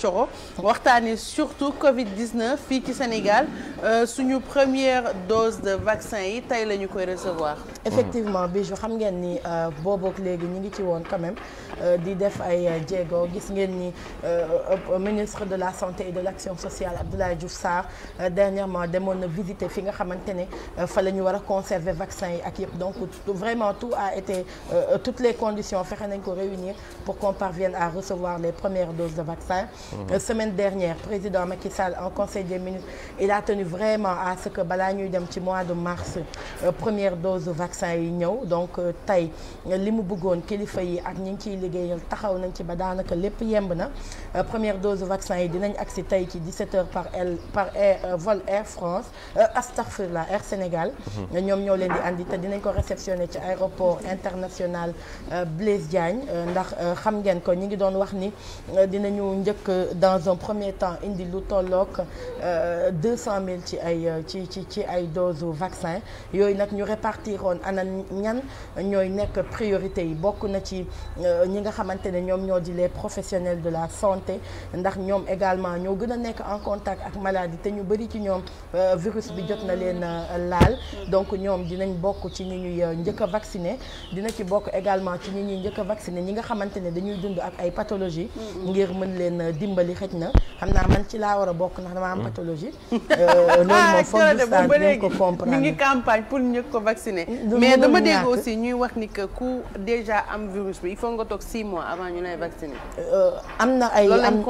Thioro waxtaanee surtout Covid 19 fii ci Sénégal euh, suñu première dose de vaccin yi tey la ñu koy recevoir. effectivement Bijou xam ngeen ni euh, boobook léegi ñu ngi ci woon quand même euh, di def ay jéego gis ngeen ni ministre de la santé et de l'action sociale Abdoulaye Diouf Sarr dernièrement demoon na visiter fi nga xamante ne fa la ñu war a conserver vaccin yi ak yëpp donc vraiment tout a été toutes les conditions fexe nañ ko réunir pour qu'on parvienne à recevoir les premières doses de Euh, semaine dernière président Macky Sall en conseil des ministres il tenu vraiment à ce que balaa ñuy dem ci mois de mars euh, première dose vaccin yi ñëw donc euh, tey li mu bëggoon kilifa yi ak ñi ngi ciy liggéeyal taxaw nañ ci ba daanaka lépp yemb na première dose vaccin yi dinañ agsi tey ci di heures par aile par air vol Air France astafurlah Air Sénégal. Mhm. ñoom ñoo leen di andi te dinañ ko réceptionné ci aéroport international Blaise Diagne ndax xam ngeen ko ñi ngi doon wax ni dinañu njëkk. dans un premier temps indi lu tolloog euh, deux cent mille ci ay euh, ci ci ci ay doses vaccin yooyu nag ñu répartiroon ana ñan ñooy nekk priorité yi bokk na ci euh, ñi nga xamante ne ñoom ñoo di les professionnels de la santé ndax ñoom également ñoo gën a nekk en contact ak maladie te ñu bëri ci ñoom virus bi jot na leen laal donc ñoom dinañ bokk ci ñu ñuy njëkk a vacciné dina ci bokk également ci ñi ñuy njëkk a vacciné ñi nga xamante dañuy dund ak ay pathologie ngir mën leen dimbali xëj na xam naa man ci laa war bokk ndax dama am mm. pathologie. Euh, loolu moom ah, foog distance bi ko comprendre pour ñu ko vacciner. Mm, mais dama dégg ñuy wax ni que ku déjà am virus bi il faut nga toog 6 mois avant ñu lay vacciner. Euh, na ay loolu lañ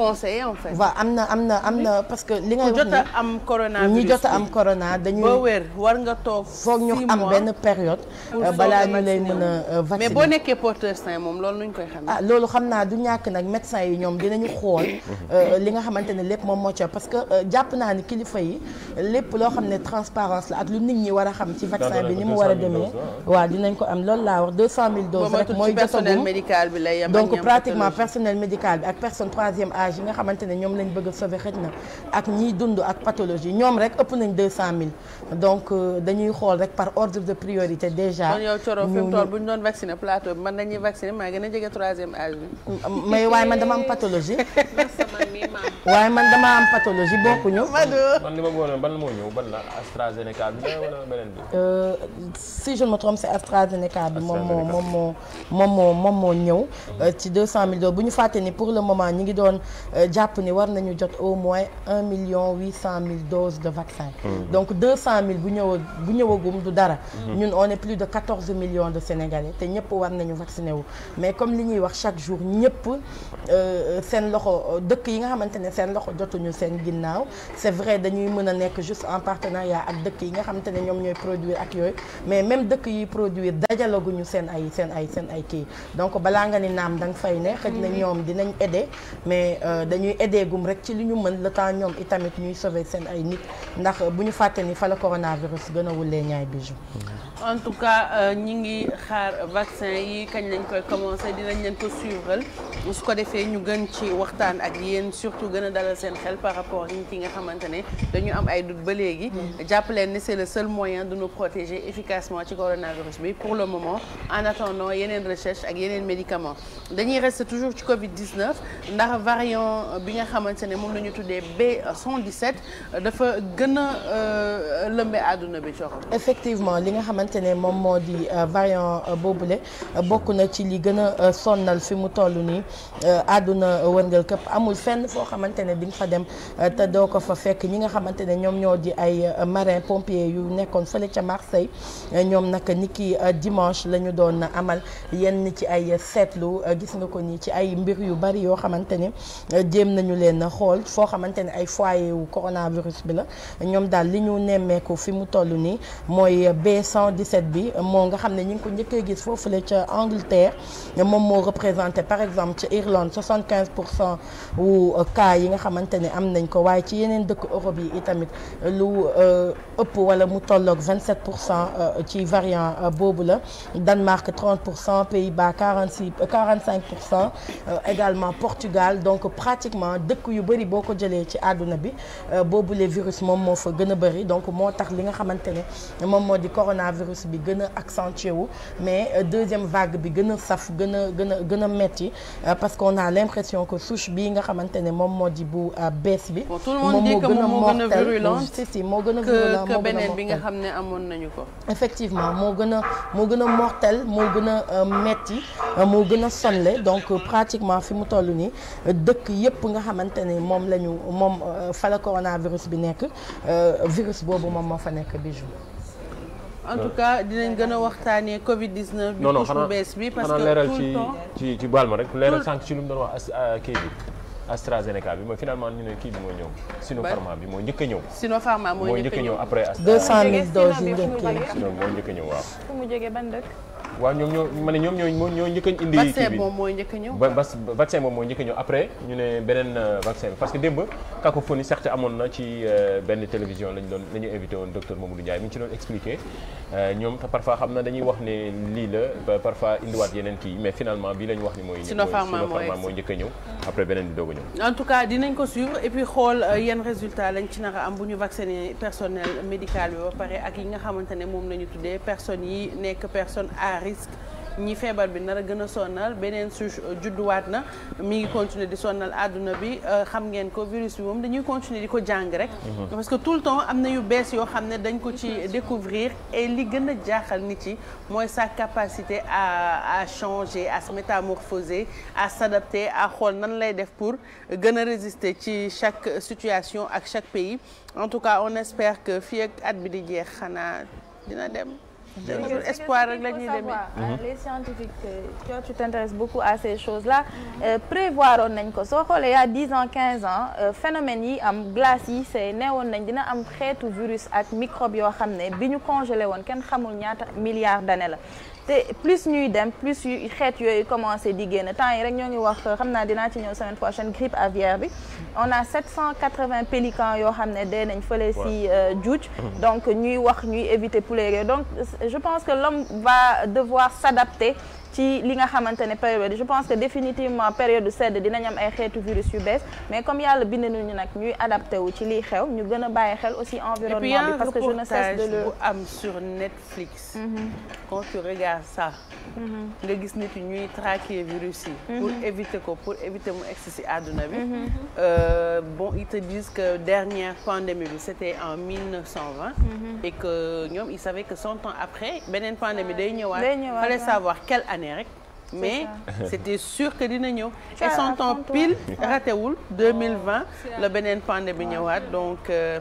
am na am na am na parce que. li ngay jot am coronavirus ñi jot am corona dañuy. boo wér nga toog foog ñu am benn période. Euh, balaa ñu lay mën a vacciner mais boo nekkee porteur sain moom loolu nuñ koy xam. ah loolu xam naa du ñàkk nag médecin yi ñoom dinañu xool Euh, li nga xamante ne lépp moom moo ca parce que euh, jàpp naa ni kilifa yi lépp loo xam ne transparence la ak lu nit ñi war a xam ci vaccin bi ni mu war a demee ah. waaw dinañ ko am loolu laa wax deux cent mille doses rek mooy jotagum donc pratiquement personnel médical bi ak personne a sauver xëj na ak ñiy dund ak pathologie ñoom rek ëpp nañ deux cent mille donc euh, dañuy xool rek par ordre de priorité déjà kon yow ñu doon vacciné plateau bi man dañuy vacciné maa gën a jege troisième waaye man dama am pathologie waaye man dama am pathologie bokkuñu. man li ma góoboon ban moo ñëw ban la AstraZeneca bi wala beneen bi. Euh, si moo moom moo moom moo moom moo ñëw. Euh, ci 200000 dollars bu ñu fàtte ni pour le moment ñi ngi doon euh, jàpp ni war nañu jot au moins 1 million 800000 doses de vaccin. donc 200000 bu ñëw bu ñëwagum du dara. ñun on est plus de 14 millions de Sénégalais te ñëpp war nañu vacciné wu mais comme li ñuy wax chaque jour ñëpp seen loxo. dëkk yi nga xamante ne seen loxo jotuñu seen ginnaaw c'est vrai dañuy mën a nekk juste en partenariat ak dëkk yi nga xamante ne ñoom ñooy produire ak yooyu mais même dëkk yi produire dajalaguñu seen ay seen ay seen ay kii donc balaa nga ni naam da nga fay ne xëj na mhm. ñoom dinañ aider mais euh, dañuy aider gum rek ci li ñu mën le temps ñoom itamit ñuy sauver seen ay nit ndax bu ñu fàtte ni fa la coronavirus gën a wulee ñaay bi bijou mhm. en tout cas euh, ñi ngi xaar vaccin yi kañ lañ koy commencé dinañ leen ko suivre su ko defee ñu gën ci waxtaan ak yéen surtout gën a dalal seen xel par rapport ak ki nga xamante ne dañu am ay doute ba léegi. jàpp leen ni c'est le seul moyen de nous protéger efficacement ci coronavirus bi pour le moment en attendant yeneen recherche ak yeneen médicament dañuy rester toujours ci Covid 19 ndax variant bi nga xamante ne moom la ñu tuddee B117 dafa gën a euh, lëmbee àdduna bi xamante moom moo di euh, variant euh, boobule bokk na ci li gën a euh, sonnal fi mu toll nii àdduna wërngal këpp amul fenn foo xamante ne di fa dem te doo ko fa fekk ñi nga xamante ne ñoom ñoo di ay marin pompier yu nekkoon fële ca Marseille ñoom nag niki dimanche la ñu doon amal yenn ci ay seetlu gis nga ko nii ci ay mbir yu bari yoo xamante ne jéem nañu leen xool foo xamante ne ay foyer wu coronavirus bi la ñoom daal li ñu nemmeeku fi mu toll nii mooy b 2017 bi moo nga xam ne ñu ngi ko njëkkee gis foofule ca Angleterre moom moo représenté par exemple ca Irlande 75 pour cent wu cas yi nga xamante ne am nañ ko waaye ci yeneen dëkk Europe yi itamit lu euh, ëpp wala mu tolloog 27 pour cent euh, ci variant euh, boobu la Danemark 30 pour cent Pays-Bas 46 45 pour cent également Portugal donc pratiquement dëkk yu bëri boo ko jëlee ci àdduna bi boobu les virus moom moo fa gën a bëri donc moo tax li nga xamante ne moom moo di coronavirus. virus bi gën a accentué wu mais euh, deuxième vague bi gën a saf gën a gën a gën a metti euh, parce qu'on a l'impression ko souche bii nga xamante ne moom moo di bu euh, bees bi. moom moo gën a mortel moo gën a virulent nga xam ne amoon nañu ko. effectivement moo gën a moo gën a mortel moo gën a metti moo gën a sonle donc pratiquement fi mu toll nii dëkk yépp nga xamante ne moom la ñu moom fa la coronavirus bi nekk virus boobu moom moo fa nekk bijou en tout cas dinañ gën a waxtaanee Covid 19. bi couche bu bees bi parce que tout le temps non non ci ci baal ma rek. leeral sànq ci lu mu doon wax euh, kii bi. AstraZeneca bi mooy finalement ñu ne kii bi moo ñëw. Sinopharma bi moo njëkk ñëw. Sinopharma moo njëkk a ñëw après. 200000 doses yi njëkk yi. moo njëkk a ñëw waaw. waaw ñoom ñoo ma ne ñoom ñoo ñoo njëkk a indi. vaccin moom mooy njëkk a ñëw ba vaccin moom mooy njëkk a ñëw après ñu ne beneen euh, vaccin parce que démb cacophonie certes amoon na ci euh, benn télévision lañ doon la ñu invité woon docteur Mamadou Ndiaye mi ngi ci doon expliqué euh, ñoom parfois xam na dañuy wax ne lii la ba parfois indiwaat yeneen kii mais finalement bii la ñu wax ni mooy. Sinopharm mooy njëkk a ñëw après beneen bi doog a ñëw. en tout cas dinañ ko suivre et puis xool yan résultat lañ ci nar a am bu ñu vacciné personnel médical bi ba pare ak yi nga xamante ne moom la ñu tuddee personnes yi nekk personne à risque risque ñi feebar bi nar a gën a sonnal beneen su euh, judduwaat na mi ngi continuer di sonnal àdduna bi euh, xam ngeen ko virus bi moom dañuy continuer di ko jàng rek. Mhm. parce que tout le temps am na yu bees yoo xam ne dañ ko ci découvrir et li gën a jaaxal nit yi mooy sa capacité à à changer à se métamorphoser à s'adapter à xool nan lay def pour gën a résister ci chaque situation ak chaque pays en tout cas on espère que fii ak at bi di jeex xanaa dina dem. jërëjëf espoir rek la ñuy demee mhm. les scientifiques euh, toi tu t'intéresses beaucoup à ces choses là euh, prévoir oon nañ ko soo xoolee y a dix ans quinze ans euh, phénomène yi am glace yi c'est neewoon nañ dina am xeetu virus ak microbe yoo xam ne bi ñu congelé woon kenn xamul ñaata milliards d'années la te plus ñuy dem plus xeet yooyu commencé di génn temps yi rek ñoo ngi wax xam naa dinaa ci ñëw semaine prochaine grippe aviaire bi on a 780 pélicans yoo xam ne dee nañ fële si euh, Djoudj donc ñuy wax ñuy éviter poulet yooyu donc je pense que l'homme va devoir s'adapter ci li nga xamante ne période je pense que définitivement période sedd dinañ am ay xeetu virus yu bees mais comme yàlla bind nañu nag ñuy adapté wu ci li xew ñu gën a bàyyi xel aussi environnement bi parce que je ne cesse de le bu Netflix mhm. quand tu regardes ça mhm. nga gis nit yi ñuy traquer virus si mhm. pour éviter ko pour éviter mu egsi si àdduna bi euh, bon ils te disent que dernière pandémie bi c'était en 1920 et que ñoom ils savaient que cent ans après beneen pandémie ah, day ñëwaat fallait savoir quelle année année mais c'était sûr que dina ñëw. et son temps pile ratewul 2020 la beneen pandémie bi ñëwaat donc. Euh,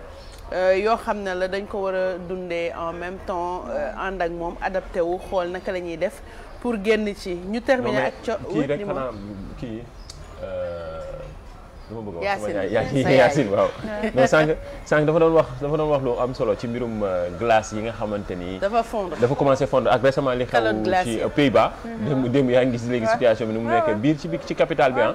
euh, yoo xam ne la dañ ko war a dundee en même temps euh, ànd ak moom adapté wu xool naka la ñuy def pour génn ci ñu terminer ak ca kii rek dama bëgg a waaw non sànq sànq dafa doon wax dafa doon wax lu am solo ci mbirum euh, glace yi nga xamante ni dafa fondre dafa commencé fondre ak récemment li xew ci Pays-Bas dem mm-hmm. démb yaa ngi gis léegi situation bi ni mu nekk biir ci bi ci capitale bi ah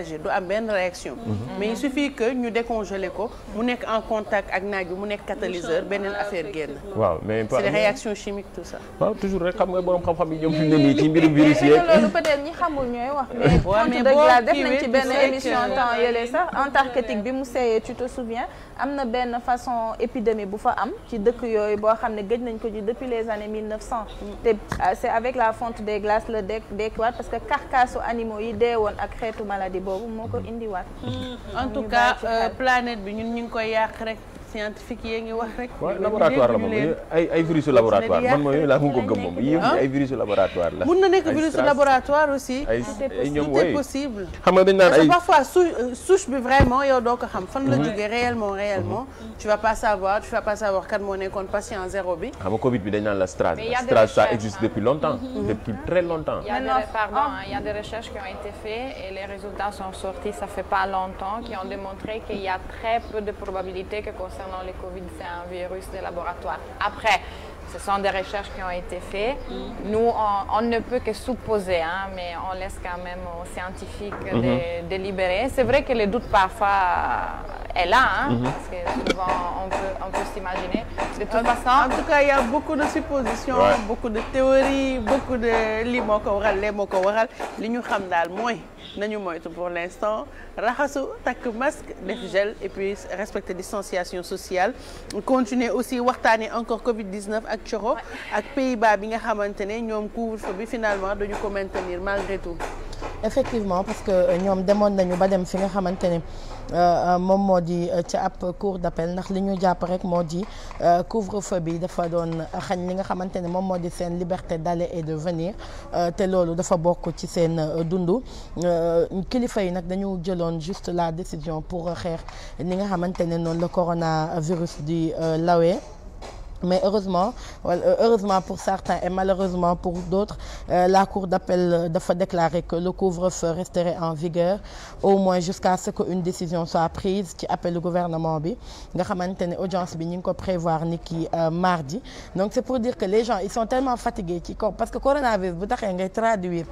réagir du am benn réaction mhm. mais il suffit que ñu décongelé ko mu nekk en contact ak naaj bi mu nekk catalyseur beneen affaire génn waaw mais c'est des réactions chimiques tout ça waaw toujours rek xam nga borom xam-xam yi ñoom fi mu ne nii ci mbirum virus yeeg loolu peut-être ñi xamul ñooy wax mais def nañ ci benn émission temps yële sax bi mu seeyee tu te souviens am na benn façon épidémie bu fa am ci dëkk yooyu boo xam ne gëj nañ ko ji depuis les années 1900. te euh, c' est avec la font des glaces la dé dekkiwaat parce que carcassu animaux yi dee woon ak xeetu maladie boobu moo ko mm-hmm. indiwaat. Mm-hmm. en tout cas euh, planète bi ñun ñu ngi koy yàq rek. scientifique yee ngi wax rek. waaw laboratoire la moom ay ay virusu laboratoire man mooy laa mun ko gëm moom yëpp ay virusu laboratoire la. mun na nekk virusu laboratoire aussi. ay ay ñoom wooyi possible. xam nga dañ naan ay parfois euh, souche bi vraiment yow doo ko xam. fan la mhm. jógee réellement réellement. Mhm. tu vas pas savoir tu vas pas savoir kan moo nekkoon patient zéro bi. xam nga Covid bi dañ naan la strase. la strase ça existe depuis longtemps. Mhm. depuis très longtemps. y a des pardon ah. y a des recherches qui ont été faites et les résultats sont sortis ça fait pas longtemps qui ont démontré qu'il y a très peu de probabilité que concernant les Covid, c'est un virus de laboratoire. Après, ce sont des recherches qui ont été faites. Mm. Nous, on, on ne peut que supposer, hein, mais on laisse quand même aux scientifiques mm -hmm. de délibérer. C'est vrai que les doutes parfois est là, hein, mhm. parce que souvent on peut, on peut s'imaginer. De tout cas, y a beaucoup de suppositions, beaucoup de théories, beaucoup de lii moo ko waral lee moo ko waral li ñu xam daal mooy nañu moytu pour l' instant raxasu takk masque def gel et puis respecter distanciation sociale. continuer aussi waxtaanee encore Covid 19 ak Coro ak Pays-Bas bi nga xamante ne ñoom couvre-feu bi finalement dañu ko maintenir malgré tout. effectivement parce que euh, ñoom demoon nañu ba dem fi nga xamante ne. Euh, euh, moom moo di euh, ca ab cour d'appel ndax li ñu jàpp rek moo di couvre-feu bi dafa doon xañ li nga xamante ne moom moo di seen liberté d'aller et de venir te loolu dafa bokk ci seen dund kilifa yi nag dañu jëloon juste la décision pour xeex ni nga xamante ne noonu le coronavirus di lawe mais heureusement wala euh, heureusement pour certains et malheureusement pour d'autres euh, la cour d'appel euh, dafa déclarer que le couvre-feu resterait en vigueur au moins jusqu'à ce une décision soit prise ci appel gouvernement bi nga xamante ne audience bi ñu ngi ko prévoir ni ki euh, mardi donc c'est pour dire que les gens ils sont tellement fatigués ci kaw parce que coronavirus bu taxee ngay traduire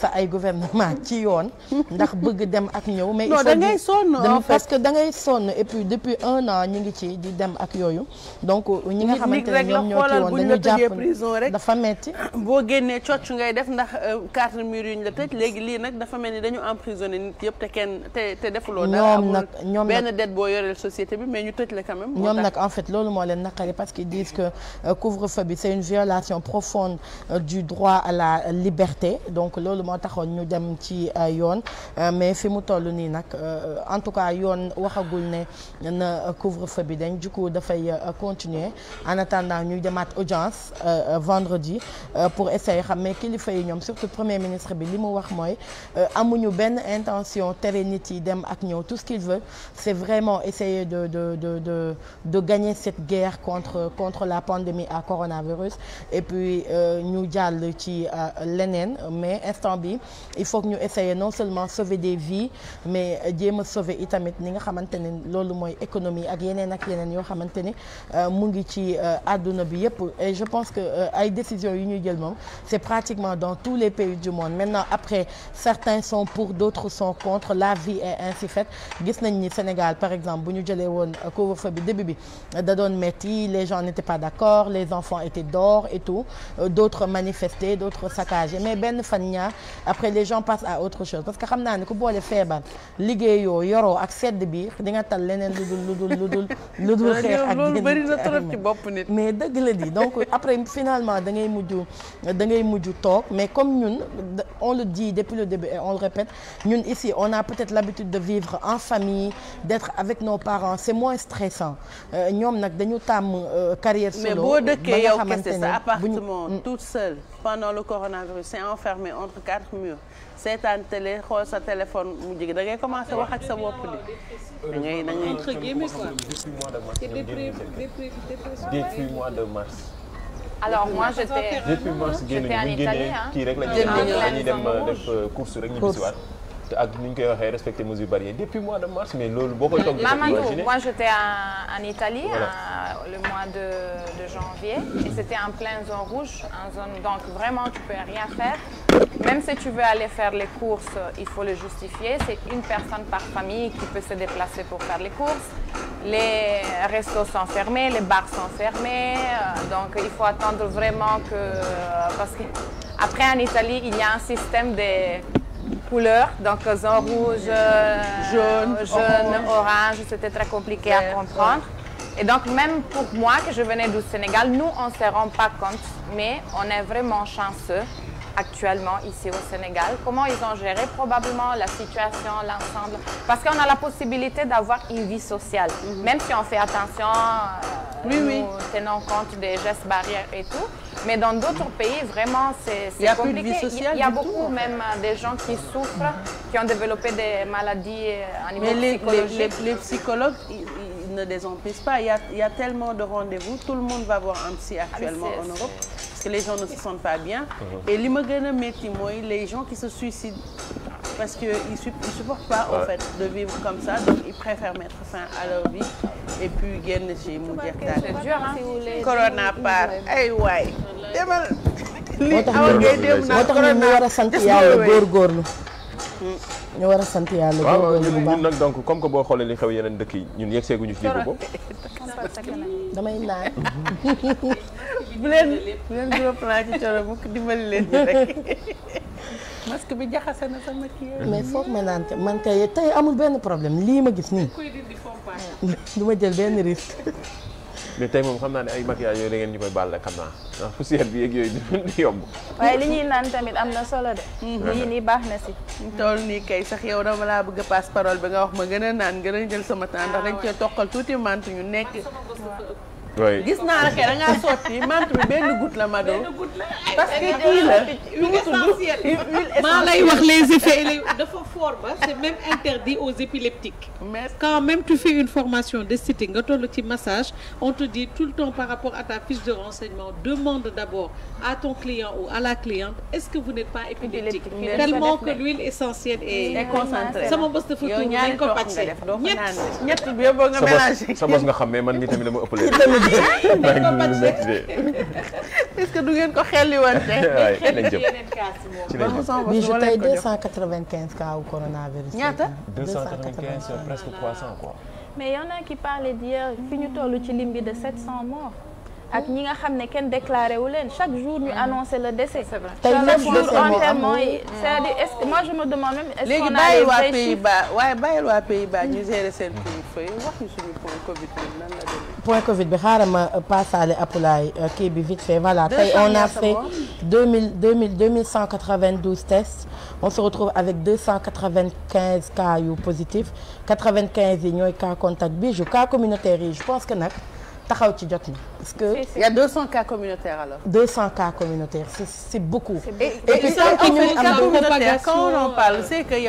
sa ay gouvernement ci yoon ndax bëgg dem ak ñëw mais non da ngay sonn que da ngay sonn et puis depuis un an ñi ngi ci di dem ak yooyu xamante ne ñoom ñoo ci woon dañu jàpp prison dafa metti boo génnee cocc ngay def ndax euh, quatre murs yu ñu la tëj léegi lii nag dafa mel ni dañu emprisonné nit yëpp te kenn te defuloo dara ñoom nag ñoom benn dette boo yoreel société bi mais ñu tëj la quand même ñoom nag en fait loolu moo leen naqari parce qu'ils disent que euh, couvre-feu bi c'est une violation profonde euh, du droit à la liberté donc loolu moo taxoon ñu dem ci yoon mais fi mu toll nii nag en tout cas yoon waxagul ne na couvre-feu bi dañ jukku dafay continuer en attendant ñu jëmaat audience euh, euh, vendredi euh, pour essayer xam mais kilifa yi ñoom surtout premier ministre bi li mu wax mooy amuñu benn intention tere nit yi dem ak ñëw tout ce qu'il veut c'est vraiment essayer de de de de de gagner cette guerre contre contre la pandémie à coronavirus et puis ñu jàll ci leneen mais instant bi il faut que ñu essayer non seulement sauver des vies mais jéem a sauver itamit ni nga xamante loolu mooy économie ak yeneen ak yeneen yoo xamante ni àdduna euh, bi yëpp et je pense que euh, ay décisions yu ñuy jël moom c'est pratiquement dans tous les pays du monde maintenant après certains sont pour d'autres sont contre la vie est ainsi faite gis nañ ni Sénégal par exemple bu ñu jëlee woon euh, couvre-feu bi début bi da doon metti les gens n'étaient pas d'accord les enfants étaient dehors et tout d'autres manifestaient d'autres saccagés mais benn fan ñaar après les gens passent à autre chose parce que xam naa ne ku boole feebar liggéeyoo yoroo ak sedd bi di nga tal leneen lu lu dul mais dëgg la di donc après finalement da ngay mujj da ngay mujj toog mais comme ñun on le dit depuis le début et on le répète ñun ici on a peut-être l'habitude de vivre en famille d'être avec nos parents c'est moins stressant euh, ñoom nag dañu tàmm euh, carrière solo. mais boo dëkkee yow kese sa appartement tout seul pendant le coronavirus c'est enfermé entre quatre murs. seetaan télé xool sa téléphone mu jigi da ngay commencé wax ak sa bopp di da ngay da ngay depuis mois de mars alors moi j'étais depuis mars génn bu ñu génnee kii rek la ñuy dem euh, def euh, course rek ñu bisiwaat te ak ni ñu koy waxee respecter mesures barrières depuis mois de mars mais loolu boo koy toog imaginer moi j'étais en Italie voilà. en, euh, le mois de, de janvier et c'était en pleine zone rouge en zone donc vraiment tu peux rien faire Même si tu veux aller faire les courses, il faut le justifier. C'est une personne par famille qui peut se déplacer pour faire les courses. Les restos sont fermés, les bars sont fermés. Euh, donc il faut attendre vraiment que... Euh, parce que après en Italie, il y a un système des couleurs, donc zone rouge, euh, jaune, jaune orange, orange c'était très compliqué à comprendre. Et donc même pour moi que je venais du Sénégal, nous on ne se rend pas compte, mais on est vraiment chanceux actuellement ici au Sénégal, comment ils ont géré probablement la situation, l'ensemble. Parce qu'on a la possibilité d'avoir une vie sociale, mm -hmm. même si on fait attention, euh, oui, nous oui. tenons compte des gestes barrières et tout. Mais dans d'autres pays, vraiment, c'est compliqué. Il y a, beaucoup tout, même euh, des gens qui souffrent, mm -hmm. qui ont développé des maladies à euh, niveau Mais les, psychologique. Les, les, les psychologues, ils, ils ne les empêchent pas. Il y a, il y a tellement de rendez-vous. Tout le monde va voir un psy ah, actuellement ah, en Europe. que les gens ne se sentent pas bien. Mhm. et li ma gën a métti mooy les gens qui se suicident parce que ils su ils supportent pas au fait de vivre comme ça donc ils préfèrent mettre à leur vie et puis génn ci mu jeex daal. corona par ay waay demal. li awa ngay dem moo tax ñu a sant yàlla góorgóorlu. Hmm. ñu war a sant yàlla. waaw ñun nag donc comme que boo xoolee li xew yeneen dëkk yi ñun yegseeguñu fi yëngu ko. damay naan. bu leen bu leen groupe naa ci coro mukk dimbali leen ñu rek. masque bi jaxase na sama kii mais foofu ma naan man kay tey amul benn problème lii ma gis nii. du ma jël benn risque. mais tey moom xam naa ne ay maquillage yooyu da ngeen ñu koy baal rek xam naa ndax ah, poussière bi yeeg yooyu du yomb. waaye li ñuy naan tamit am na solo de. yii mm-hmm. nii baax na si. Mm-hmm. tool ni kay sax yow ma laa bëgg a passe parole nga wax ma gën a naan gën a jël sama temps ndax dañ cee toqal tuuti mante ñu nekk. gis naa a kay da ngaa sotti mante bi benn goutte la Mado. Eh, parce que kii la maa lay wax les effets dafa fort aux épileptiques. quand même tu fais une formation d'esthétique nga toll ci massage on te dit tout le temps par rapport à ta fiche de renseignement demande d'abord à ton client ou à la cliente est-ce que vous n'êtes pas épileptique. tellement que l'huile essentielle est concentrée sama bos dafa tuur nañ ko pàcce ñett ñett sa bos nga xam ne man mii est-ce que du ngeen ko xelli woon tey. waay ci lañ jëm ci lañ jëm bii je tey deux cent quatre-vingt-quinze cas au coronavirus. ñaata deux euh, a qui parlaient ci lim de sept cent ak ñi nga xam ne kenn déclaré wu leen chaque jour ñu mhm. annoncé le décès. c'est vrai chaque jour enterrement yi je me demande même. est-ce a les vrais chiffres léegi bàyyil waa Pays-Bas waaye bàyyil bi nan ma euh, passaale Apulaay euh, kii bi vite fait voilà. on a fait deux mille deux mille deux mille cent quatre-vingt-douze tests on se retrouve avec deux cent quatre-vingt-quinze cas yu positifs quatre-vingt-quinze yi ñooy cas contact bi yi je pense que taxaw ci jot na. parce que il y a 200 cas communautaires alors. 200 cas communautaires c' est, c' est beaucoup. c' est et puis tant que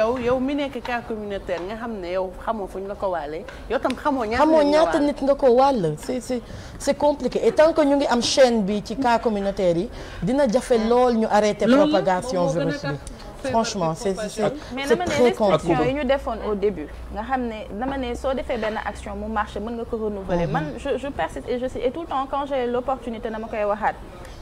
am yow mi nekk cas communautaire nga xam ne yow xamoo fu ñu la ko waalee yow tam xamoo ñaata nit nga ko wàll c' est c' est compliqué et tant ñu ngi am chaine bi ci cas communautaire yi dina jafe lool ñu arrêté propagation virus bi. franchement c'est c'est mais dama ne restriction yi ñu defoon au début nga xam ne dama ne soo defee benn action mu marché mën nga ko renouveler mhm. man je je persiste et je suis et tout le temps quand j'ai koy waxaat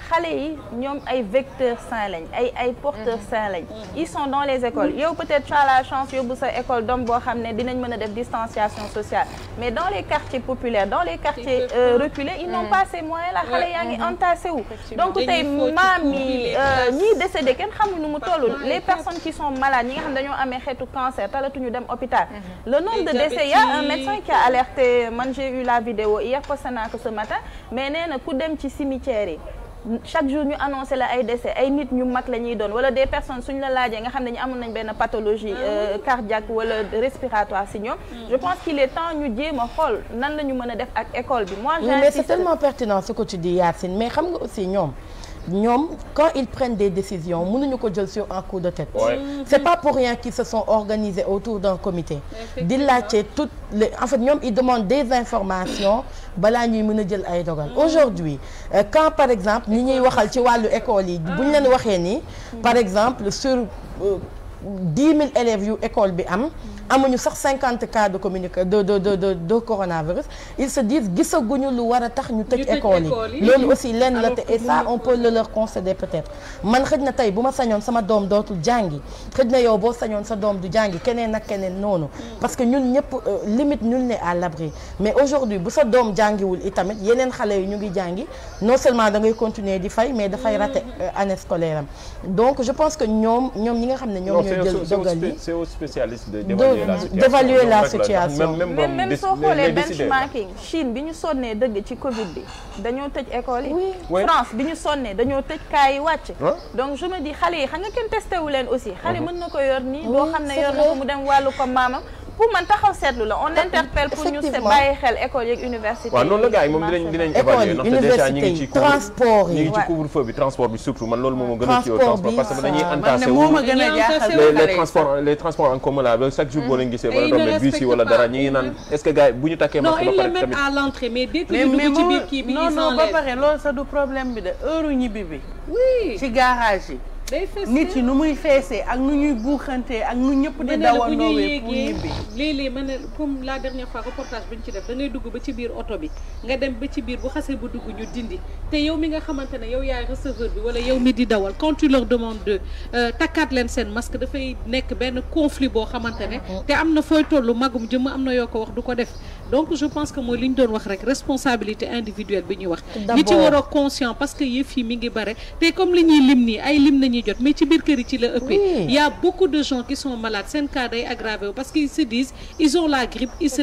xale yi ñoom ay vecteurs sains lañ ay ay porteurs mhm. sains lañ mhm. ils sont dans les écoles mhm. yow peut-être tu la chance yóbbu sa école doom boo xam ne dinañ mën a def distanciation sociale mais dans les quartiers populaires dans les quartiers euh, reculés ils n'ont pas ces moyens là xale yaa entassé wu donc tey maam yi euh, ñiy décédé kenn xamul nu mu toll les personnes qui sont malades ñi nga xam dañoo amee xeetu cancer ñu dem hôpital le nombre de décès y man j'ai eu la vidéo hier naa ko ce matin mais nee na ku dem ci cimetière yi chaque jour ñu annoncé la ay décès ay nit ñu mag la ñuy doon wala des personnes suñu la laajee nga xam ne ñu amoon nañ benn pathologie ah euh, cardiaque wala respiratoire si ñoom hmm. je pense qu'il est temps ñu jéem a xool nan la ñu mën a def ak école bi moi j'insiste mais c'est tellement pertinent ce que tu dis Yacine mais xam nga aussi ñoom ñoom quand ils prennent des décisions mënuñu ko jël sur en coup de tête ouais. c'est pas pour rien qu'ils se sont organisés autour d'un comité di laajte toutes les en fait ñoom ils demande des informations balaa ñuy mën a jël ay dogal mm-hmm. aujourd'hui euh, quand par exemple ñi ñuy waxal ci wàllu école yi bu ñu leen waxee ni mm-hmm. par exemple sur euh, dix mille élèves yu école bi am amuñu sax cinquante cas de communica de de de de de coronavirus ils se lu war a tax ñu tëj école yi loolu aussi lenn la te et on peut le leur concéder peut-être man xëj na tey bu ma sañoon sama doom dootul jàngi xëj na yow boo sañoon sa doom du jàngi keneen ak keneen noonu parce que ñun ñëpp euh, limite ñun ne à l'abri mais aujourd'hui bu sa doom jàngiwul itamit yeneen xale yi ñu ngi jàngi non seulement da ngay continuer di fay mais dafay mm-hmm. rater euh, année c'est aux spécialistes d'évaluer la situation d'évaluer la situation même même soo xoolee benchmarking Chine bi ñu sonnee dëgg ci Covid bi dañoo tëj école yi France bi ñu sonnee dañoo tëj cas yi wàcc donc je me dis xale yi xam nga kenn testé wu leen aussi xale mm-hmm. mën na ko yor nii doo xam ne yor na ko mu dem wàllu comme maamam pour man taxaw seetlu la on interpelle pour ñu se bàyyi xel école yeeg université. waaw noonu la gars moom dinañ dinañ évaluer ndaxte déjà ñu ngi ñu ngi ci couvre feu bi transport bi surtout man loolu moo ma gën a ci transport parce que dañuy entassé wu les transports les transports en commun là chaque jour boo leen gisee wala mm. doon bus yi wala dara ñu naan mm. est-ce bu ñu takkee masque ba pare bi non pare loolu sax du problème bi de heure ñibbi bi ci garage nit yi nu muy feesee ak nu ñuy buuxantee ak nu ñëpp di dawandoowee pour ñibbi léeg-léeg ma ne comme la dernière fois reportage bi ñu ci def da ngay dugg ba ci biir oto bi nga dem ba ci biir bu xasee bu dugg ñu dindi te yow mi nga xamante ne yow yaay receveur bi wala yow mi di dawal quand tu leur demandes de euh, takkaat leen seen masque dafay nekk benn conflit boo xamante ne mm-hmm. te am na fooy tollu magum jëmm am na yoo ko wax du ko def donc je pense que mooy li ñu doon wax rek responsabilité individuelle bi ñuy wax ñi ci war conscient parce que yëf yi mi ngi bare te comme li ñuy lim nii ay lim nañuy jot mais ci biir kër yi ci la ëpp y a beaucoup de gens qui sont malades seen cas day aggravé parce qu'ils se disent ils ont la grippe ils se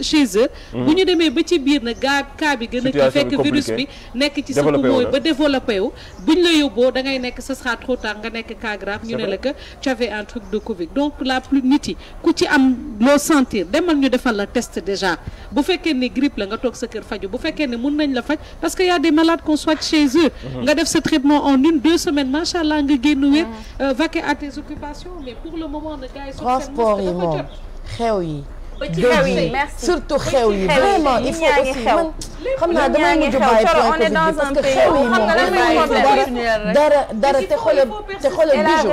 chez eux mhm. bu ñu demee ba ci biir na gaa cas bi gën a ki fekk virus bi nekk ci sa poumon ba développé wu bu ñu la yoboo da ngay nekk ce sera trop tard nga nekk cas ñu ne la que tu avais un truc de ku ci am loo sentir demal ñu defal la test déjà argent bu fekkee ni grippe la nga toog sa kër faju bu fekkee ne mun nañ la faj parce que y a des malades qu'on soigne mhm. nga def sa traitement en une deux semaines macha allah nga génn wér mhm. euh, vaquer à tes occupations mais pour le moment na gars yi transport yi moom xew yi ci xew yi surtout xew yi vraiment il faut aussi man xam naa damay mujj bàyyi point positif parce que xew yi moom dara dara dara te xoolal te xoolal bijou.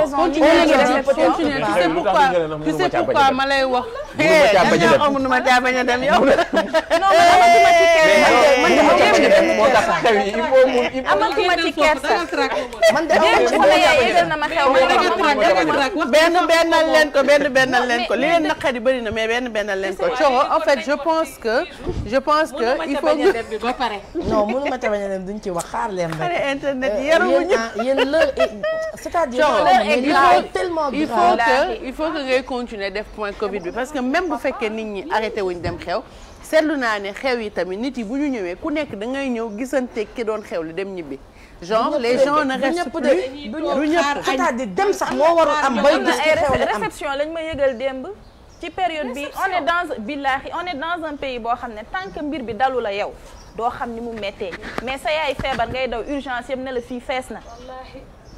tu sais pourquoi ma lay wax. mënu ma caa bañ a dem yow. non man dama ci man benn bennal leen ko benn bennal leen ko li leen naqari bëri na mais benn bennal leeralal leen ko coro en fait je pense que je pense que il faut que non mënu ma tabañ a wax xaar leen rek internet euh, yaruñu yéen l'heure cest à tellement il faut que il faut que ngay continuer def point covid bi parce que même bu fekkee nit ñi arrêté wuñ dem xew seetlu naa ne xew yi tamit nit yi bu ñu ñëwee ku nekk da ngay ñëw gisante ki doon xew li dem ñibbi genre les gens na restent plus du ñëpp c'est-à-dire dem sax moo warul am bay gis xew li am réception lañ ma yëgal démb ci période bi on est dans billahi on est dans un pays boo xam ne tant mbir bi dalu la yow doo xam ni mu méttee mais sa yaay feebar ngay daw urgence yëpp ne la fii fees na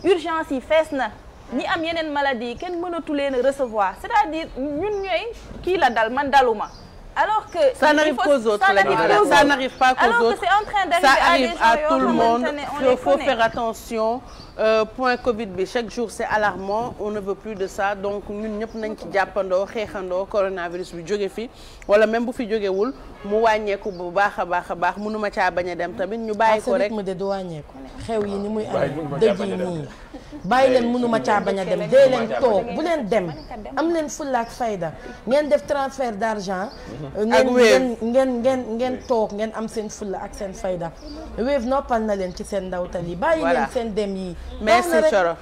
urgence yi fees na ñi am yeneen maladie yi kenn mënatu leen a recevoir c'est-à-dire ñun ñooy kii la dal man daluma alors que ça n'arrive qu'aux autres alors que c'est en train d'arriver à des gens yoo xamante ne on les tout le monde il faire attention Euh, point Covid bi chaque jour c'est alarmant on ne veut plus de ça donc ñun ñëpp nañ ci jàppandoo xeexandoo coronavirus bi jóge fi wala même bu fi jógewul mu wàññeeku bu baax a baax a baax mënuma caa bañ a dem tamit ñu bàyyi ko rek de du wàññeeku xew yi ni muy am dëj yi nii bàyyi leen mënuma caa bañ a dem dee leen toog bu leen dem am leen fulla ak fayda ngeen def transfert d'argent mhm. ngeen ngeen ngeen ngeen toog ngeen am seen fulla ak seen fayda noppal na leen ci seen ndawtal yi bàyyi leen seen dem yi merci Thioro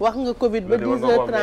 wax nga Covid ba 10h30